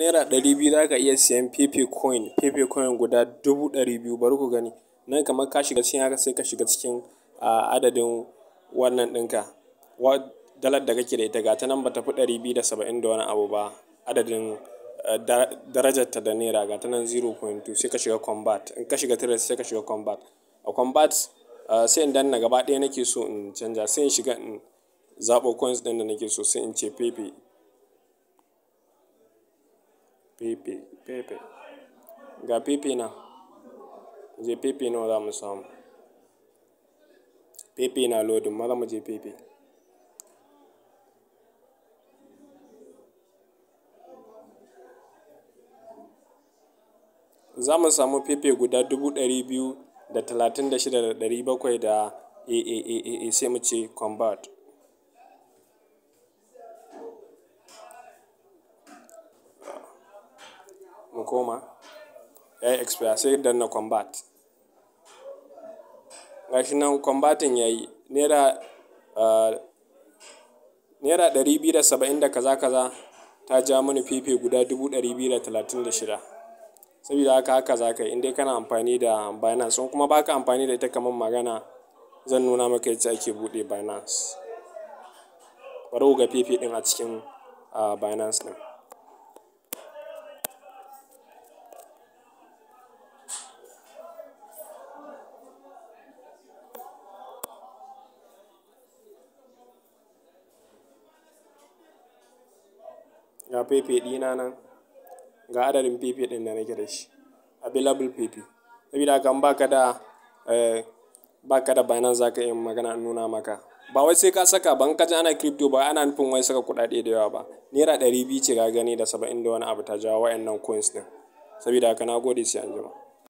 Naira ɗari biyu za ka iya siyan fefe coin, fefe coin guda dubu ɗari biyu bari ku gani. Nan kamar ka shiga cikin haka sai ka shiga cikin, adadin wannan ɗinka. Wa dalar da kake da ita ga ta nan ba ta fi ɗari biyu da saba'in da wani abu ba. Adadin, darajar darajarta da naira ga ta nan zero point two sai ka shiga combat In ka shiga trade sai ka shiga combat A combat sai in danna gaba ɗaya nake so in canja sai in shiga in zaɓo coins ɗin da nake so sai in ce fefe. Ga nan, je nawa zamu samu. Fefe na lodin, muje Za mu samu pepe guda dubu ɗari biyu da talatin da shida da ɗari bakwai da, sai mu ce convert. koma ya yi expire sai in danna convert. Gashi nan converting ya naira, nera ah, naira ɗari biyu da saba'in da kaza kaza ta ja mini fefe guda dubu ɗari biyu da talatin da shida. Sabida haka haka za ka yi in dai kana amfani da Binance in kuma ba ka amfani da ita kaman magana zan nuna maka yacce ake buɗe Binance. Bari ku ga fefe ɗin a cikin, ah, Binance ɗin. ga fefe ɗina nan ga adadin fefe ɗin da nake da shi available fefe saboda haka in baka da eh, baka da zaka yi magana in nuna maka ba wai sai ka saka ban ka ana crypto ba ana nufin wai saka kuɗaɗe da yawa ba naira ɗari biyu ce ga gani da saba'in da wani abu ta jawo wa'annan coins din saboda haka na gode sai anjima